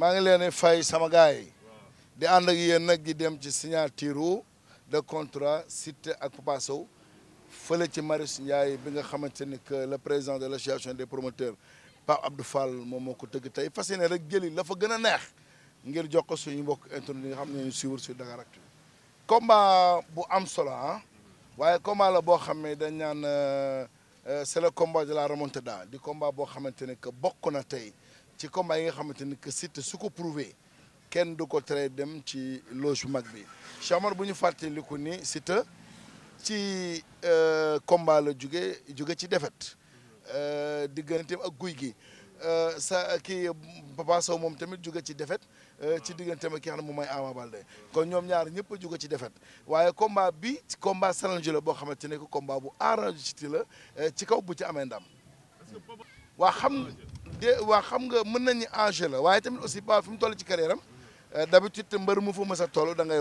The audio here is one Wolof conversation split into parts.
maa ngi Samagai, de fay sama gars yi di ànd ak dem ci signature de contrat cité ak Papa Sow Maris ci Marius Ndiaye bi nga xamante que le président de l'association des promoteurs Pape Abdou Fall moom moo ko tëgg tey rek jëli la fa gën neex ngir jox ko suñu mbokk internet yi nga xam ne ñu suivre combat bu am solo hein waaye combat la bo xamé dañ naan euh, euh, c'est le combat de la remontada di combat bo xamanténi que bokk na ci combat yi nga xamante ni que Siteu su ko prouvé kenn du ko tere dem ci loge bu mag bi Cheikh bu ñu fàttaliku ni Siteu ci euh, combat la juge jóge ci défaite euh, digganteem ak guy gi euh, sa kii Papa Sow moom tamit jóge ci defet ci digganteem ak ki xam ne moom mooy Ama Baldé kon ñoom ñaar ñëpp a jóge ci defet waaye combat bi ci combat challenge la boo xamante ne que combat bu arrangé ci la ci kaw bu ci amee ndam waa xam de waa xam nga mën nañu enjeu la waaye tamit aussi pas fi mu ci carrière euh, d'habitude mbër mu fa mës a da ngay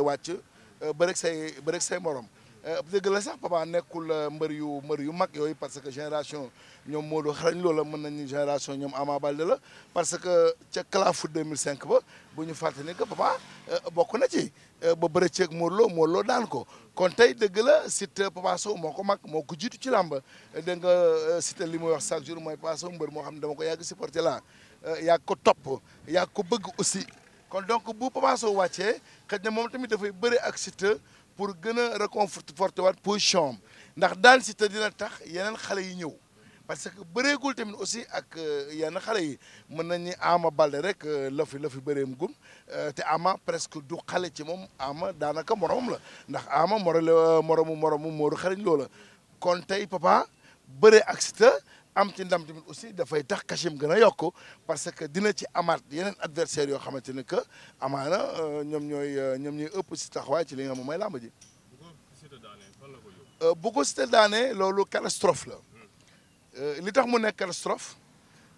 euh, say say morom Euh, dëgg la sax papa nekkul euh, mbër yu mbër yu mag yooyu parce que génération ñoom Modou xarañ loola mën nañu génération ñoom Ama Baldé la parce que ca CLAFU 2005 ba bu ñu fàtte ni que papa euh, bokk na ci ba bëre ceeg Modou Lo Modou loo daan ko kon tey dëgg la Siteu Papa Sow moo ko mag moo ko jiitu ci làmb dégg nga Siteu li muy wax chaque jour mooy Papa Sow mbër moo xam ne dama ko yàgg supporté la yàgg ko topp yàgg ko bëgg aussi kon donc bu Papa Sow wàccee xëj na moom tamit dafay bëre ak Siteu pour gën a réconforter waat position am ndax daan si te dina tax yeneen xale yi ñëw parce que bëreegul tamit aussi ak euh, yenn xale yi mën nañu Ama Baldé rek euh, la fi la fi bëreem gum euh, te Ama presque du xale ci moom Ama daanaka moromam la ndax Ama moro moromu moromu mooru xariñ loola kon tey papa bëre ak Siteu am ci ndam tamit aussi da fay tax cachet gëna a parce que dina ci amaat yeneen adversaire yo xamanteni ne que amaana euh, ñoom ñooy euh, ñoom ñooy ëpp si taxawaay ci li nga xam mooy làmb ji. Euh, bu ko cité daanee lolu catastrophe la euh li tax mu nek catastrophe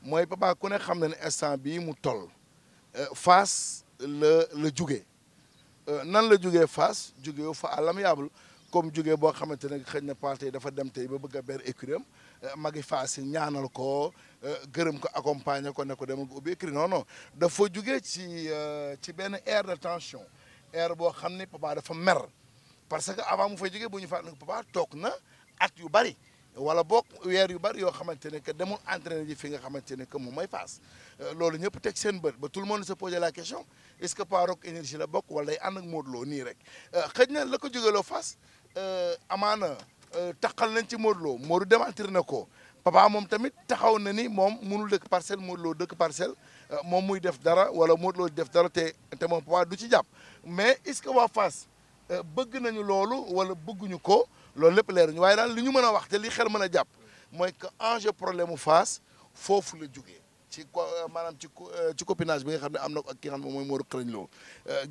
moy Papa ku ne xam na instant bi mu toll Fass le la jugee nan la jugee face jugee fa à l'amiable comme jugee bo xamanteni xëñ na parti dafa dem tay ba bëgg a ber écurie eh, magi faas ñaanal ko eh, gërëm ko accompagner ko ne ko demal ko ubbi écrit non non dafa jugee ci eh, ci benn air de tension air boo xam ne papa dafa mer parce que avant mu fay jugee bu ñu fàttali papa toog na at yu bari wala boog weer yu bari yoo xamante ne que demul entraîné ji fi nga xamante ne que moom may Fass loolu ñëpp teg seen bët ba tout le monde se posait la question est-ce que rock énergie la bokk wala day ànd ak Modou Lo nii rek xëj na la ko jógeloo Fass amaana. Euh, taxal nañ ci Modou Lo Modou démentir na ko papa moom tamit taxaw na ni moom munul dëkk parcelle Modou Lo dëkk parcelle euh, moom muy def dara wala Modou def dara te te moom papa du ci jàpp mais est-ce que waa Fass euh, bëgg nañu loolu wala bëgguñu ko loolu lépp leeruñu waaye daal li ñu mën a wax te li xel mën a jàpp mooy que enjeu problème mu Fass foofu la jógee ci ko maanaam ci ci copinage bi nga xam ne am na ak ki nga xam ne mooy Modou Xarañ Lo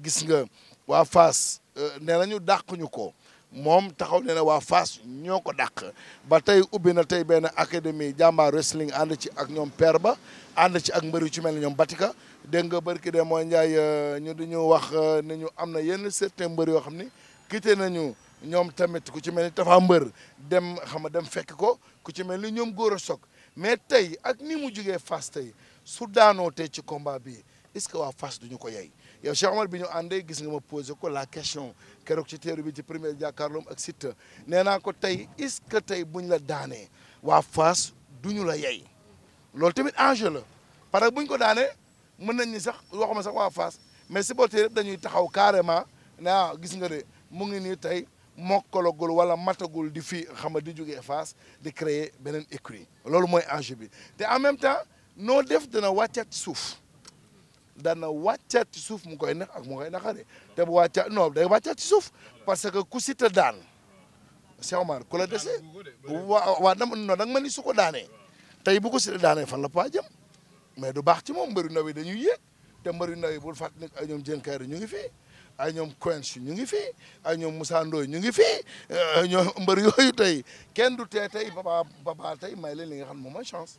gis nga waa Fass nee nañu dàquñu ko. moom taxaw ne waa Fass ñoo ko dàq ba tey ubbi na tey benn académie jàmbaar wrestling ànd ci ak ñoom père ba ànd ci ak mbër yu ci mel ne ñoom Batika dégg nga barki de mooy Ndiaye euh, ñu dañu wax euh, ne ñu am na yenn certain mbër yoo xam ni quitté nañu ñoom tamit ku ci mel ni Tafa mbër dem xam dem fekk ko ku ci mel ni ñoom góor a soog mais tey ak nii mu jugee fas tey su daanoo tey ci combat bi est-ce que waa Fass duñu ko yey yow Cheikh Omar bi ñu àndee gis nga ma posé ko la question. keroog ci teeru bi ci premier ak site néna ko est-ce que tay buñ la daané duñu la yey tamit enjeu la buñ ko sax waxuma sax mais dañuy taxaw carrément na ah, gis nga de mo ngi wala matagul di fi di face. créer benen écurie enjeu bi en même temps no def dana wàccaat ci suuf mu koy neex ak mu koy naqare te bu wàccaat non day wàccaat ci suuf parce que ku Siteu daan Cheikh Omar ku la dese waa waa dama non nag ma ni su ko daanee tey bu ko Siteu daanee fan la pas jëm mais du baax ci moom mbëru ndaw yi dañuy yéeg te mbëru ndaw yi bul fàttali ne ay ñoom Dieng Kayre ñu ngi fi a ñoom Quench ñu ngi fi ay ñoom Moussa Ndoye ñu ngi fi ñoom mbër yooyu tey kenn du tee tey papa papa tey may leen li nga xam ne moom mooy chance.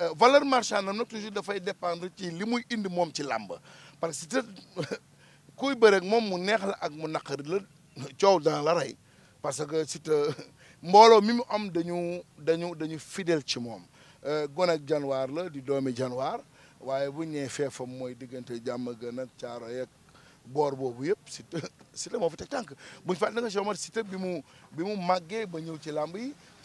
Euh, valeur marchande am nag toujours dafay dépendre ci li muy indi moom ci làmb parce que kuy bëreeg moom mu neex la ak mu naqari la coow dana la rey parce que Siteu mbooloo mi mu am dañu dañu dañu fidèle ci moom euh, gone ak janwaar la di doomi janwaar waaye bu ñëwee feefam mooy diggante jàmm gën ak caaro yeeg boor boobu yëpp si Siteu moo fa teg tànk buñu fàtte nga Cheikh Omar Siteu bi mu bi mu màggee ba ñëw ci làmb yi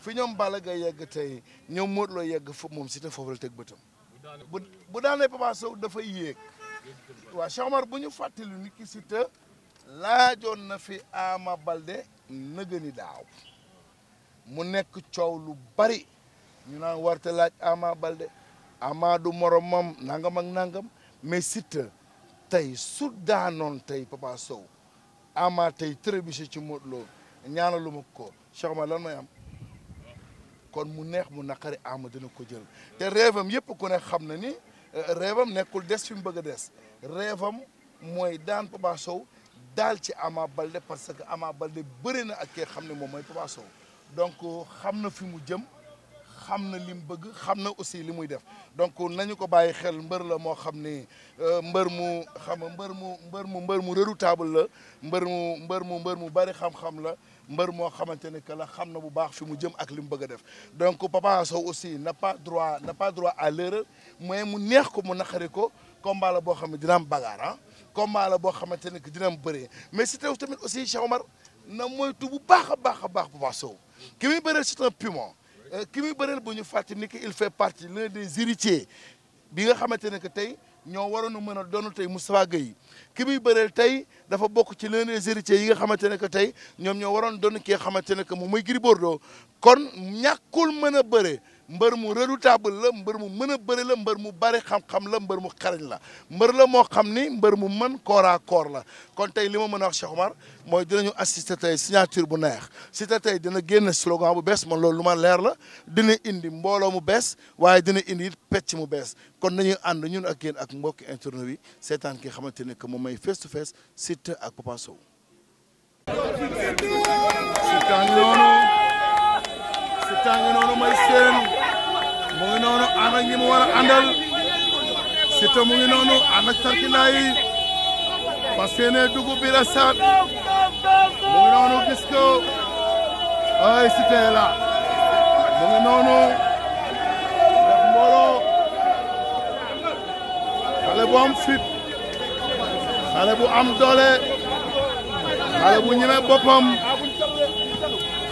fi ñoom Balla Gaye yegg tey ñoom Modou Lo yegg foofu moom Siteu foofu la teg bëtam bu bu daanee Papa Sow dafa yéeg waaw Cheikh Omar bu ñu fàttali ni ki Siteu laajoon na fi Ama Balde nëgëni daaw mu nekk coow lu bari ñu naan warte laaj Ama Balde Ama du moromam nangam ak nangam mais Siteu tey su daanoon tey Papa Sow Ama tey trébuché ci Modou Lo ñaanaluma ko Cheikh Omar lan may am kon mu neex mu naqari ama dina ko jël te rêvam yëpp ku ne xam na ni euh, rêvam nekkul des fi mu bëgg a des rêvam mooy daan Papa Sow daal ci Ama Baldé parce que Ama Baldé bëri na ak kee xam ne moom mooy Papa Sow donc euh, xam na fi mu jëm xam na li mu bëgg xam na aussi li muy def donc nañu ko bàyyi xel mbër la moo xam ni euh, mbër mu xam mbër mu mbër mu mbër mu redoutable la mbër mu mbër mu mbër mu bari xam-xam la mbeur mo xamante que la xamna bu baax fi mu jëm ak limu bëgg def donc Papa Sow aussi n'a pas droit n'a pas droit à l'erreur mais mu neex ko mu naqari ko combat la bo xam dina am bagarre hein ah. combat la bo xamante que dina am bëree mais si teew tamit aussi Cheikh Omar na moytu bu baaxa baaxa baax Papa Sow ki muy bëreel c'est un piment euh, ki muy bëreel bu ñu fàtte ni il fait partie l'un des héritiers bi nga xamante que tay ñoom waroon a mën a donn tey Moustapha Gueye ki muy bëreel tey dafa bokk ci l'un des héritiers yi nga xamante ne que tey ñoom ñoo waroon doon kii nga xamante ne que moom mooy Gris Bordeaux kon ñàkkul mën a bëre mbër mu redoutable la mbër mu mën a la mbër mu bari xam-xam la mbër mu xarañ la mbër la moo xam ni mbër mu mën corps à la kon tey li ma mën a wax Cheikh Omar mooy dinañu assister tey signature bu neex si te tey dina génn slogan bu bees man loolu lu ma leer la dina indi mbooloo mu bees waaye dina indi it pecc mu bees kon nañuy ànd ñun ak yéen ak mbokki internet bi seetaan ki xamante ne que moom may face to face Siteu ak Papa Sow. si tàng noonu may mu ngi noonu ànd ak ñi mu war a mu ngi noonu ànd ak tarkinaa yi parce que ne dugub mu noonu gis ay Siteu la mu noonu def mbooloo bu am fit xale bu am doole xale bu ñeme boppam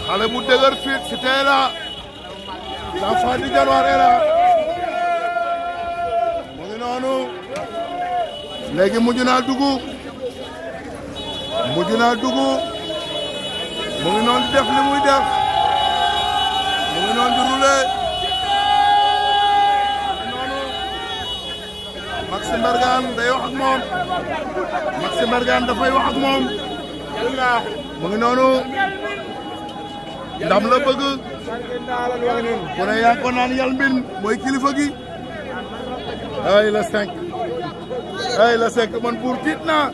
xale bu dëgër fit fitee la l'enfant du Dionewar la mu ngi noonu léegi mujj naa dugg mujj naa dugg mu ngi noonu def li muy def di roulé ak moom Max Mbergane dafay wax ak moom mu ndam la bëgg ku naan yal mbin mooy kilifa gi la cinq ay la cinq man buur tiit naa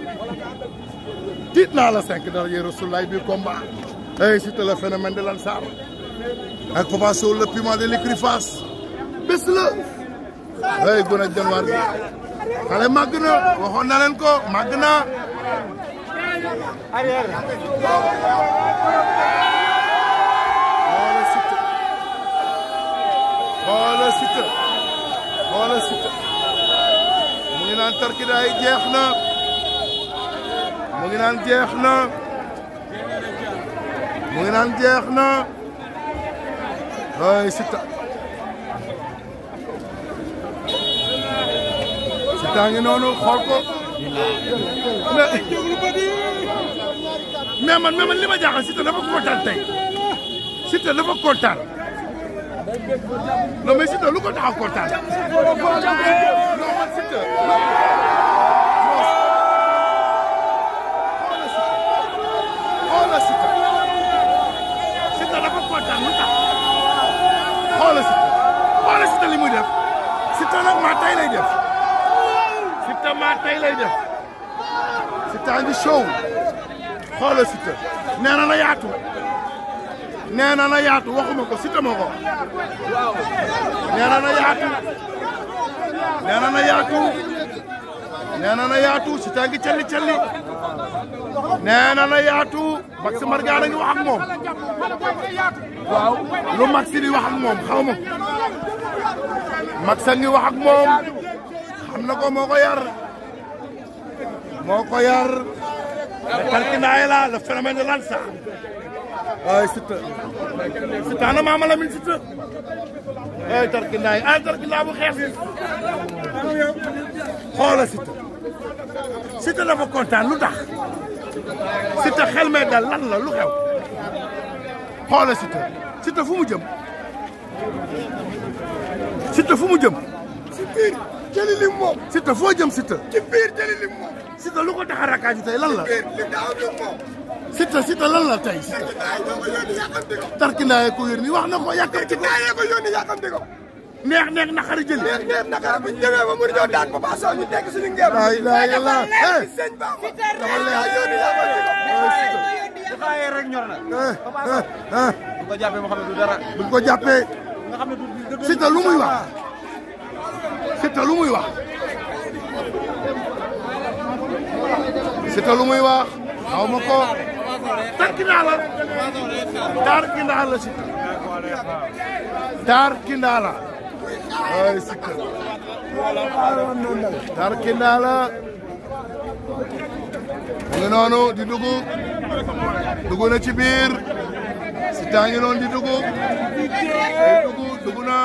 tiit naa la cinq dara yee rasulaay bi combat ay c'était le phénomène de l'Ansar ak Papa Sow le piment de l'écurie Fass bés la ay gone ak janwaar bi xale na waxoon na leen ko màgg na xoola Siteu xoola Siteu mu ngi naan tarkidaay jeex na mu ngi naan jeex na mu ngi naan jeex na ay Siteu Siteu ngi noonu xool ko man mais man li ma jaaxal Siteu dafa kontaan tey Siteu dafa kontaan non mais Siteu lu ko taxaw kontaan. non man Siteu. xoolal Siteu. Siteu dafa kontaan lu tax. xoolal lay def. Siteu maa tay lay def. Siteu a ngi show. xoolal Siteu. nee na la yaatu. nee na na yaatu waxuma ko Siteu moo ko waaw na na yaatu nee na na yaatu nee na na yaatu Siteu na na yaatu Max Mbargane ngi wax moom waaw lu Max di wax moom xaw ma Max ngi wax moom xam na ko moo ko yar moo ko yar le tarkindaay la le phénomène de اي ستة ستة انا ما عملها من ستة اي ترك الناي اي ترك الله ابو خير خالة ستة ستة لا كونتان لو داخ ستة خل ما دال لان لا لو خيو خالة ستة ستة فو مجم ستة فو مجم ستة جلي لي موم ستة فو جم ستة كبير جلي لي موم Siteu lu ko tax a rakkaaju tey lan la. Siteu Siteu lan la tey Siteu. tarkindaa ko yónni wax na ko yàkkamti ko. ko yónni yàkkamti ko. neex neex naqari jëli. neex neex naqari bu ñu demee ba mu ñëw daan ba paasoo ñu teg suñu ngeen. waaw ilaah ilaah eh. dama lay wax Siteu lu muy wax Siteu lu muy wax. Siteu lu muy wax xaw ma ko dar ki ndaala dar ki ndaala Siteu dar ki ndaala ay Siteu dar ki ndaala ngi noonu di dugg dugg na ci biir Siteu ngi noonu di dugg dugg dugg na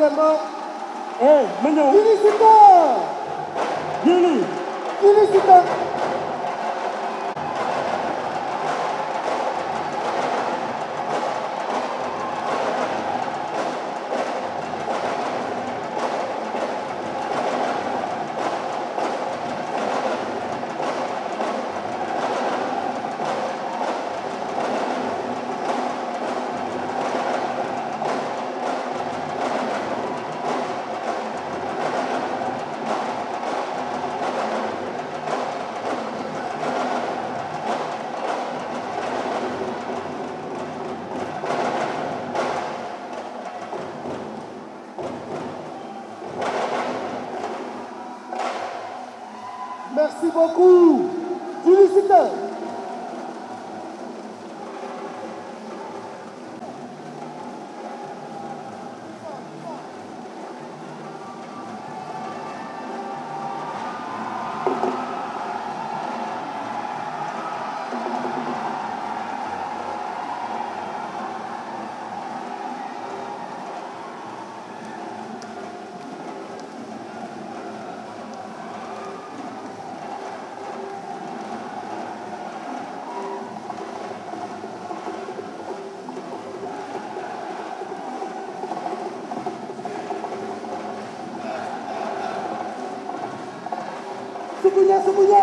远吗？Goku! sukunya.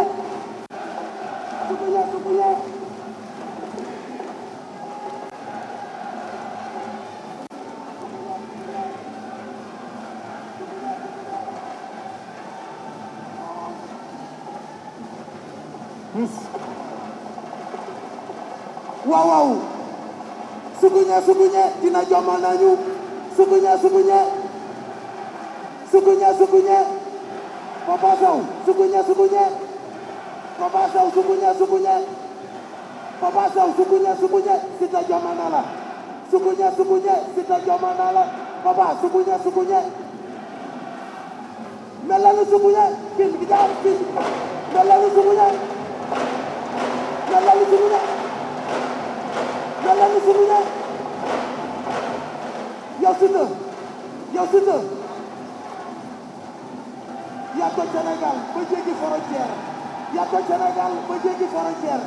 Sukunya, sukunya. Wow, wow. Sukunya, sukunya, dina jaman ayu. Sukunya, sukunya. Sukunya, sukunya. sukunya. Papasok, sukunya, sukunya. Papasok, sukunya, sukunya. Papasok, sukunya, sukunya. Sita Allah. Sukunya, sukunya. Sita Allah. Papa, sukunya, sukunya. Melalui sukunya. kita kejar, kim. sukunya. Melalui sukunya. Melalui sukunya. Ya sudah. Ya sudah. Sénégal ba jéggi frontière yaatoo Sénégal ba jéggi frontière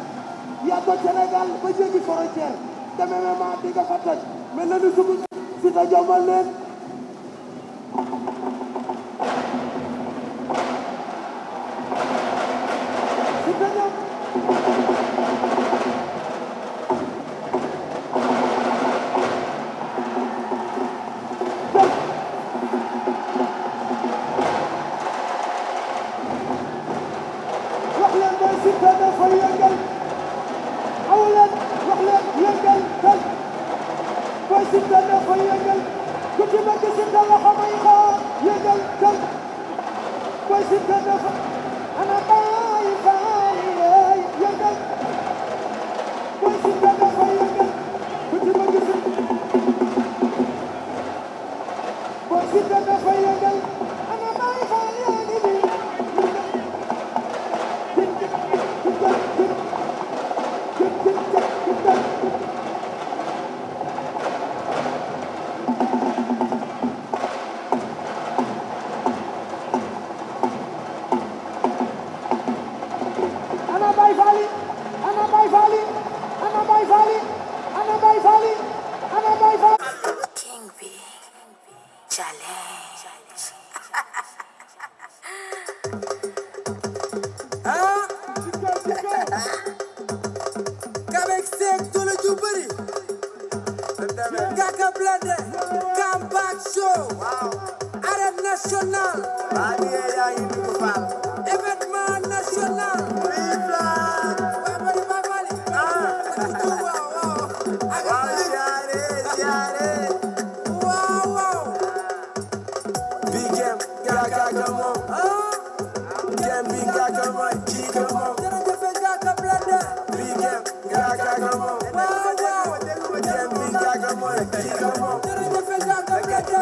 yaatoo Sénégal ba jéggi frontière te MMA di nga fa toj mel na ni si ta jomal leen Kita dapat yang dalam anak baik kalian.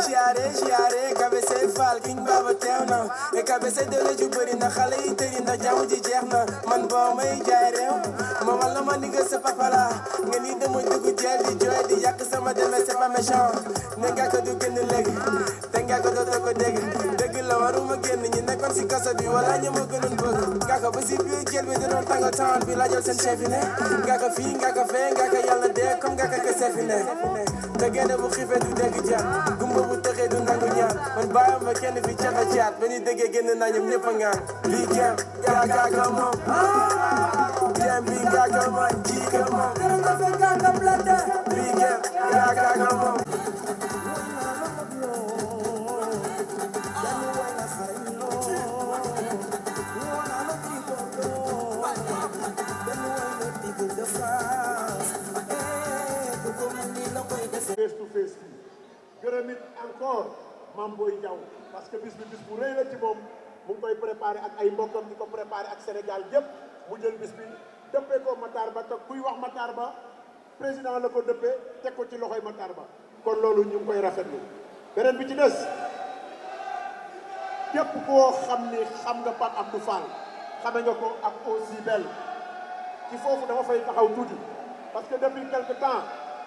siyaare siyaare Kabese Fall King Baba teew na e Kabese doole ju na xale yi tëri na jàmm ji na man boo may jaay réew ma wala ma ni nga sa papa la nga ni dama dugg jeel di di yàq sama demee c'est pas méchant ne ko du génn léegi te nga ko ko dégg dëgg la waruma génn ñi nekkoon si kaso bi wala ñu ma gënoon bëgg nga ko ba si biir jël bi da doon taan bi laajal seen chef yi ne nga fee nga ko yàlla dee ko kese fi te genne bu xiifee du dégg jaat gumba bu tëxee du nangu ñaan man bàyyam fa kenn fi caxa caat ba ñu déggee génn naa ñoom ñëpp a ngaan bii jeem gaa gaa ka moom jeem bii gaa ka moom jii ka moom bii jeem gaa gaa moom face to face bi gërëm it encore Mame Boye Diaw parce que bis bi bis bu rëy la ci moom mu ngi koy préparé ak ay mbokkam di ko préparé ak Sénégal yëpp mu jël bis bi dëppee ko Matar Ba te kuy wax Matar Ba président la ko dëppee teg ko ci loxoy Matar Ba kon loolu ñu ngi koy rafetlu beneen bi ci des képp koo xam ni xam nga Pape Abdou Fall xame nga ko ak aussi ci foofu dafa fay taxaw tuuti parce que depuis quelque temps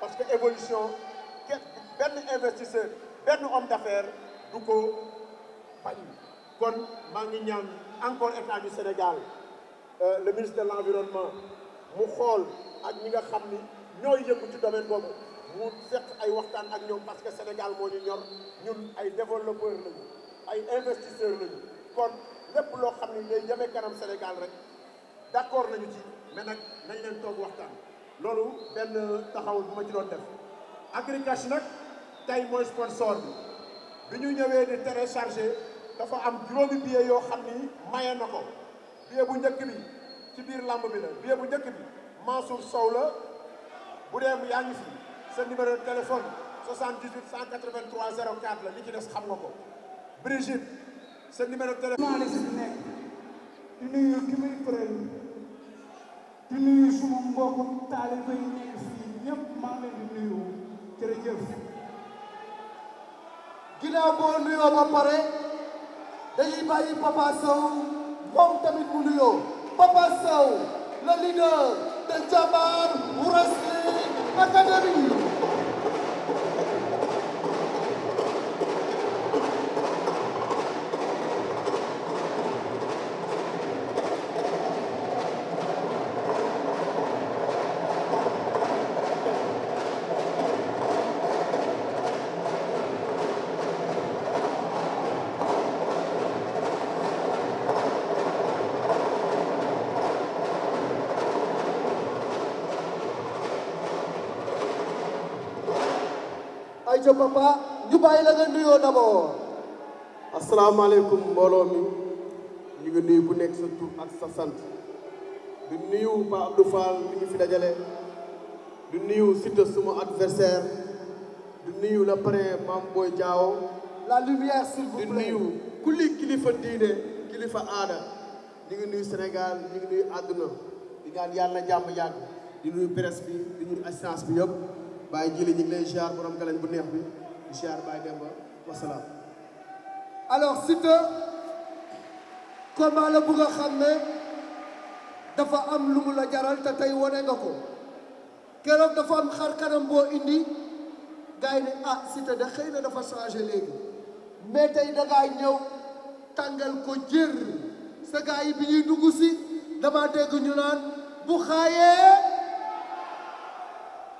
parce que évolution benn investisseur benn homme d'affaires du ko bañ kon maa ngi ñaan encore état du Sénégal euh, le ministre de l'environnement mu xool ak ñi nga xam ni ñooy yëngu ci domaine boobu mu seq ay ak parce que Sénégal moo ñu ñor ñun ay développeur lañu ay investisseur lañu kon lépp loo xam ni kanam Sénégal d'accord nañu ci mais nag nañ leen toog loolu benn taxawul bu ma ci doon def Agricash nag tey mooy sponsor bi bi ñu ñëwee di téléchargé dafa am juróomi billet yoo xam ni maye na ko billet bu njëkk bi ci biir làmb bi la billet bu njëkk bi Mansour Sow la bu dee yaa ngi fi sa numéro de téléphone 78 183 04 la li ci des xam nga ko Brigitte seen numéro de téléphone. maa ngi nekk di di nuyu suma mbokku taalibe yi nekk fii ñëpp maa ngi leen di nuyu jërëjëf ginnaaw boo nuyoo ba pare dañuy bàyyi Papa Sow moom tamit mu nuyoo Papa Sow le leader de Jabar Wura monsieur Papa la nga nuyoo d'abord. asalaamaaleykum mbooloo mi ñu ngi nuyu bu nekk sa tur ak sa sant du nuyu Pa Abdou Fall mi fi dajale du nuyu Siteu suma adversaire du nuyu le parrain Mame Boye Diao. la lumière s'il du nuyu kulli kilifa diine kilifa aada ñu ngi nuyu ñu ngi àdduna di ñaan yàlla jàmm yàgg di nuyu presse bi di nuyu assistance bi yëpp. bàyyi jili ñu ngi lay ziar bu neex bi di bàyyi dem ba wasalaam alors Siteu combat la bu nga xam ne dafa am lu mu la jaral te tey wone nga ko keroog dafa am xar kanam boo indi gars yi ah Siteu da xëy na dafa changé léegi mais tey da ñëw tàngal ko jër sa gars yi bi ñuy dugg si dama dégg ñu naan bu xaayee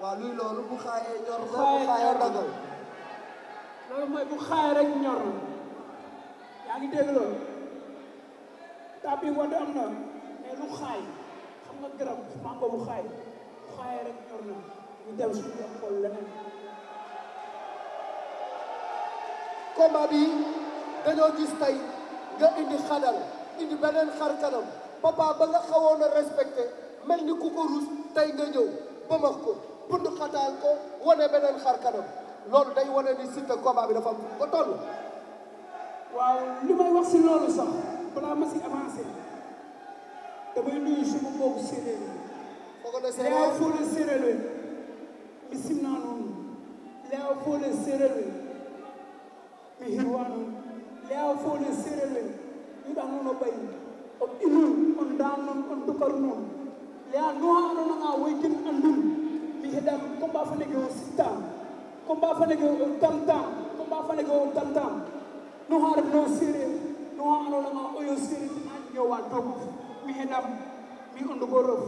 waaw luy loolu bu xaayee ñor bu yaa ngi dégg loolu tapi wadd am na mais lu xaay xam nga garab mango bu xaay bu xaayee rek ñor na ñu dem suñu xool leneen combat bi dañoo gis tey nga indi xadal indi beneen xar kanam papa ba nga xawoon a respecté mel ni ku ko rus tey nga ñëw ba max ko bundu xataal ko wane beneen xar kanam loolu day wane ni Siteu combat bi dafa ko toll. waaw li may wax si loolu sax balaa ma si avancé damay nuyu suma mbokku séeréer yi. foog na séeréer laa foole séeréer yi bisim noonu laa foole séeréer yi mi hirwaa daa noonu bay on inu on daa noonu on dukar noonu laa noonu andoona ngaa woy jën andun bihedam combat faneke o sittam combat faneke o tamtam combat faneke o tamtam no haarno séréer no ha anolama oyo séréer ha ñowa dogof mi heɗam mi ondugorof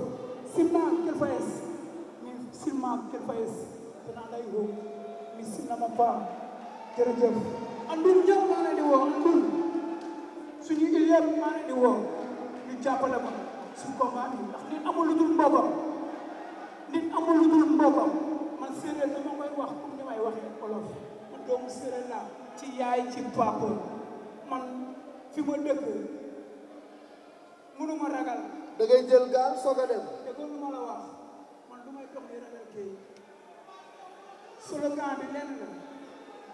simna kel fayes mi simma kel fayes tena lay ho mi simnama ba jërëjëf andul ñëw maa leen di woo andul suñu ilier maa leen di woo ñu jàppale ma suñu combat bi ndax leen amul lu dul nit amul lu dul mbokkam man séeréer dama koy wax comme ni may waxee olof man doomu séeréer laa ci yaay ci papa man fi ma dëkk mënuma ragal da ngay jël gaal soog a dem déggoon ma la wax man lu may dox di ragal géej slogan bi lenn la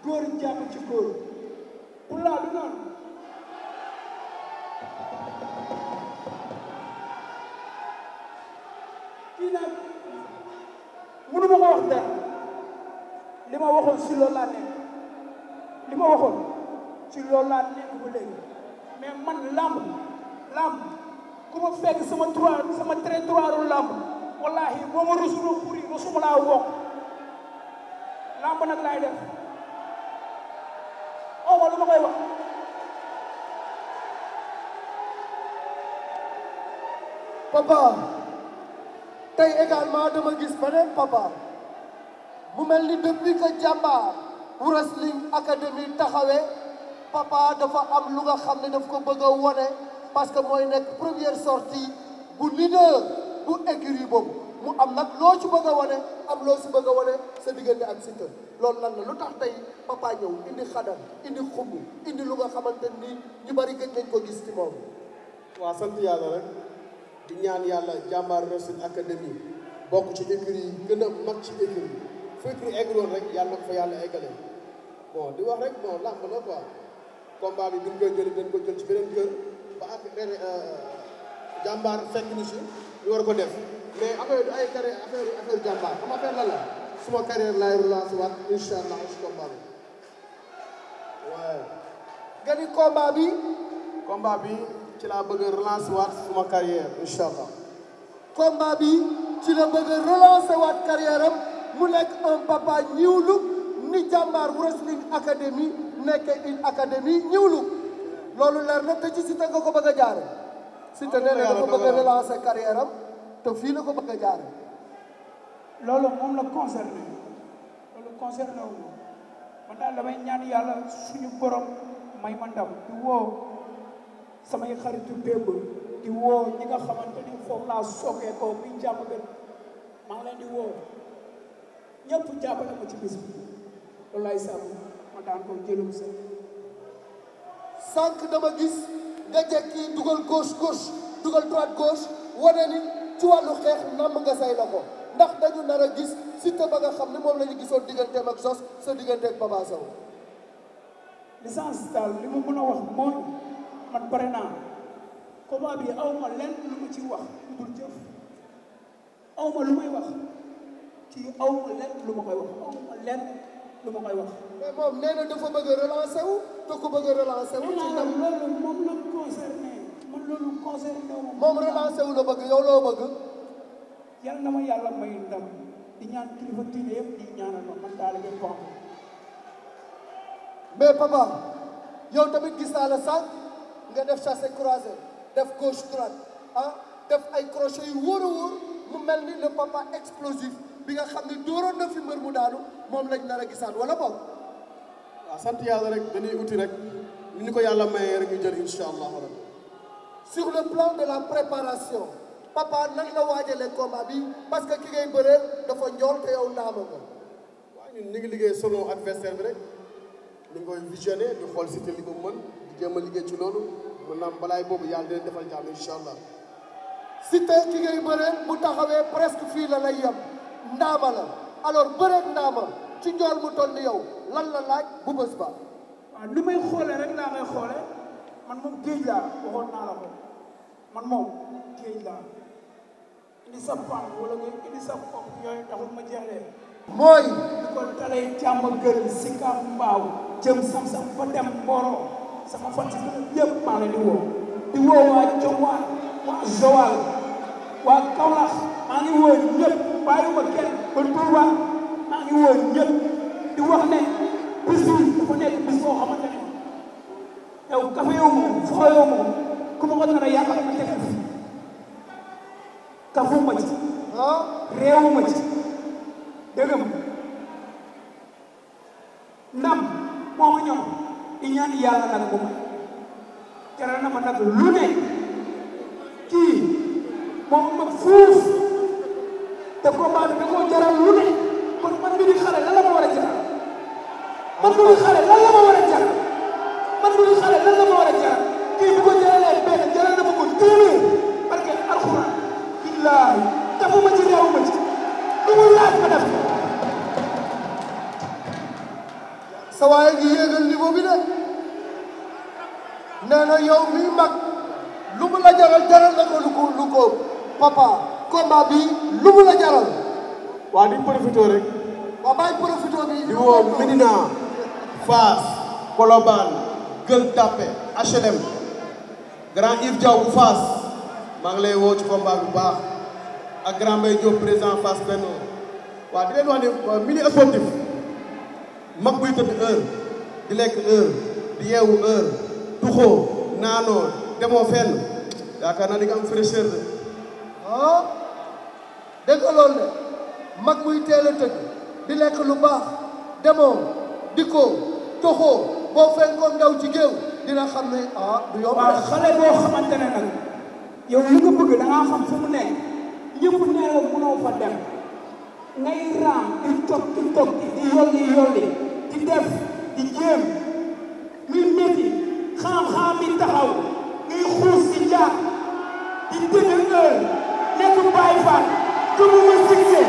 góor jàpp ci góor pour laa du noonu kii nag mënu ma ko wax li ma waxoon si loolu laa li ma waxoon si loolu laa nekk ba man làmb làmb ku ma fekk sama trois sama très trois ru boo ma rusuloo pour yi rusuma wokk làmb nag laay def oh wala ma koy wax. papa. tey également dama gis beneen papa mu mel ni depuis que Jàmbaar Wrestling Academy taxawee papa dafa am lu nga xam ne daf ko bëgg a wone parce que mooy nekk première sortie bu leader bu écurie boobu mu am nag loo ci bëgg a wone am loo ci bëgg a wone sa diggante ak Siteu loolu lan la lu tax tey papa ñëw indi xadar indi xumb indi lu nga xamante ni ñu bari gëj nañ ko gis ci moom. waa sant yàlla rek. di ñaan yàlla jàmbaar Wrestling Academy bokk ci écurie yi gën a mag ci écurie fu écurie egguloon rek yàlla na ko fa yàlla eggale bon di wax rek bon làmb la quoi combat bi bi ñu koy jëli dañ ko jël ci beneen kër ba ak ren euh, jàmbaar fekk ni si ñu war ko def mais affaire du ay carrière affaire affaire jàmbaar xam affaire la la suma carrière laay relancé waat incha allah ci combat bi waaye nga ni combat bi combat bi ci laa bëgg a relancer suma carrière incha allah. combat bi ci la bëgg a relancer carrière mu nekk un papa New Look ni jàmbaar wrestling academy nekk une académie New Look loolu leer na te ci Siteu nga ko bëgg a jaare Siteu nee na ko bëgg a relancer carrière am te fii la ko bëgg a jaare loolu moom la concerné loolu concerné wu man daal damay ñaan yàlla suñu borom may ma ndam di samay xaritu démb di woo ñi nga xamante ni foofu laa sookee ko muy jàmm gën maa ngi leen di woo ñëpp jàppale ma ci bis bi loolu laay sàmm ma daan ko jëlum sa sànq dama gis nga jekki dugal gauche gauche dugal droite gauche wane ni ci wàllu xeex namm nga say loxo ndax dañu nar a gis Siteu a nga xam ne moom la ñu gisoon digganteem ak sos sa digganteeg Papa Sow licence daal li ma mën a wax mooy man pare naa combat bi aw ma lenn lu ma ci wax lu dul jëf aw lu may wax ci aw ma lenn lu ma koy wax aw ma lu ma koy wax. mais moom nee na dafa bëgg a relancer te ku bëgg a relancer wu. ci ndam loolu moom la mu concerné man loolu concerné wu. moom relancer la bëgg yow loo bëgg. yal na ma yàlla may ndam di ñaan kilifa diine yëpp di ñaanal ma man daal di mais papa yow tamit gis naa la sànq. nga def chassé croisé def gauche droite ah, def ay crochet yu wóor a wóor mu mel ni le papa explosif bi nga xam ni dooroon na fi mbër mu daanu moom lañ nar a gisaan wala boog. waaw sant yàlla rek dañuy uti rek ni ko yàlla mayee rek ñu jël incha allah rabbi sur le plan de la préparation papa nan la waajalee combat bi parce que ki ngay bëreel dafa njool te yow naama ko. waaw ñun ñu ngi liggéey selon adversaire bi rek ñu koy visionné ñu xool si te li jëm a liggéey ci loolu mën naa balaay boobu yaa dina defal jàmm incha allah Siteu ki ngay bëree bu taxawee presque fii la lay yem ndaama la alors bëreeg ndaama ci njool mu toll ni yow lan la laaj bu bës ba waaw li may xoolee rek laa may xoolee man moom géej laa waxoon naa man moom géej indi sa pam wala nga indi sa pam yooyu taxul ma jeexlee mooy di ko talee càmm gërëm si kam mbaaw jëm sam-sam dem mbooroo sama fan si yëpp maa ngi leen di woo waa Joal waa Joal waa Kaolack maa ngi woo ñëpp bàyyiwuma kenn woo ñëpp di wax ne bis bi dafa ne yow kafe yow moom foo yow moom ma ko nar ma teg kafuma ci ah. réewuma ci lii yàlla nag bu ma jaral na ma nag lu ne kii moom ma fuuf combat bi lu mu la jaral. waaw di profité rek. waaw bàyyi profité bi. di woo Médina Fass Colobane Gueule Tapée HLM grand Yves Diaw bu Fass maa ngi lay woo ci combat bu baax ak grand Mbaye Diop président Fass Benno waaw di leen wax ne milieu sportif mag buy tëdd heure di lekk heure di yeewu heure tuxoo naanoo demoo fenn yaakaar naa di nga am fraîcheur dégg nga loolu mag muy teel a tëdd di lekk lu baax demoo dikkoo toxoo boo fekkoon ndaw ci géew dina xam ne ah du yomb. waaw xale boo xamante ne nag yow li nga bëgg da ngaa mu nekk fa dem ngay raam di toog di di yolli yolli di def di jéem muy métti xam-xam bi taxaw ngay xuus di jaar di dégg heure nekk bàyyi gëmuma succès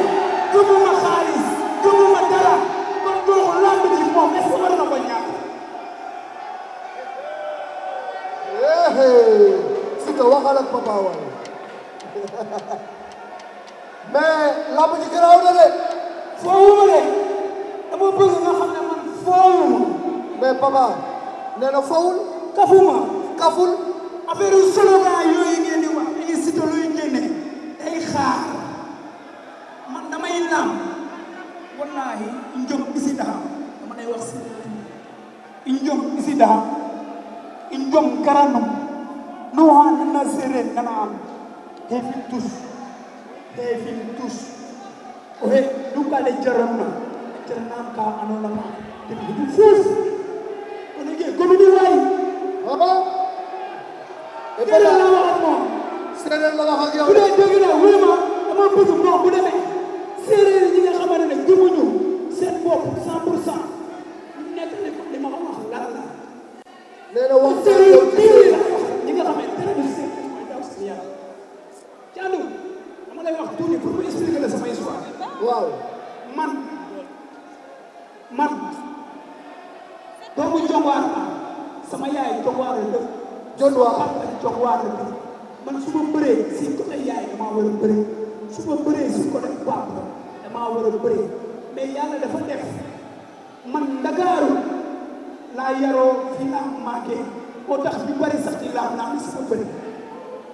gëmuma xaalis gëmuma dara kon donc làmb ji moom est-ce na ko ñàkk. si te waxal ak papa waay mais làmb ji garaaw na de. foowuma de dama bëgg nga xam ne man foowuma. mais papa nee na foowul. kafuma kaful. karanum no han na seren nana am hefin tus hefin tus o he duka le jaram na jaram ka anona ma te du fus on ge komini way baba e bala na ma seren la ha ge o de de na wema ma putu mo bu de me seconde a Pape Alioune Diop waa la bëri man su ma bëree si côté yaay damaa war a bëree su ma bëree si côté Pape damaa war a bëree mais yàlla dafa def man ndagaaru laa yaroo fi laa màggee moo tax ñu bari sax ci laam naa si ma bëri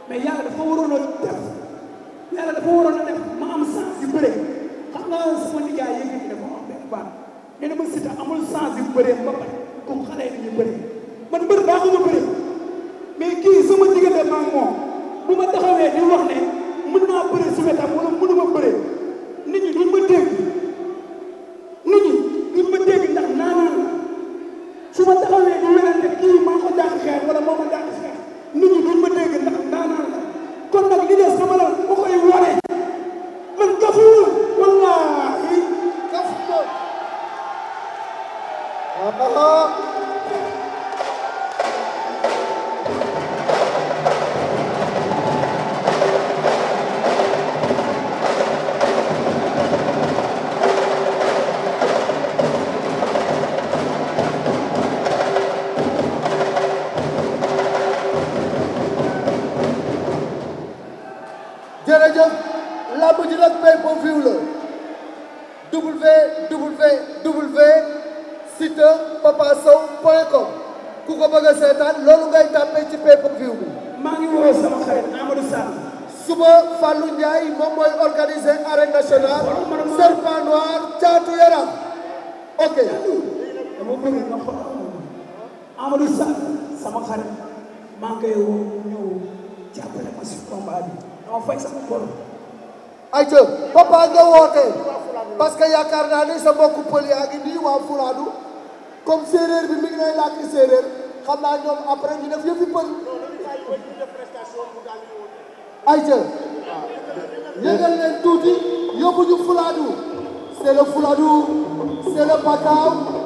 mais yàlla dafa waroon a def yàlla dafa waroon a def ma am sens yu bëree xam nga sama nijaay yëngu ñu ma na ma si amul sens yu bëree ba pare comme xale man mbër baaxul ma bëree. mais kii sama diggante maag moom bu ma taxawee wax ne mën naa bëri si wetam wala mënuma bëri appel pour viw la www site papa sow point com ku ko bëgg a seetaan loolu ngay tàppee ci pay per view bi. maa ngi woo sama xarit Amadou Sall. suba Fallou Ndiaye moom mooy organiser arène nationale. serpent noir caatu yaram. ok. dama bëgg nga xool Amadou Sall sama maa ngi koy woo ñëw jàppale ma si combat bi dama fay sama borom. ayca papa nga woote parce que yaakaar naa ne sa mbokku pël yaa ngi nii waa Fulaadu comme séeréer bi mi ngi lay làkk séeréer xam naa ñoom après ñu def yëfi pël ayca yëgal leen tuuti yóbbu ñu Fulaadu c'est le Fulaadu c'est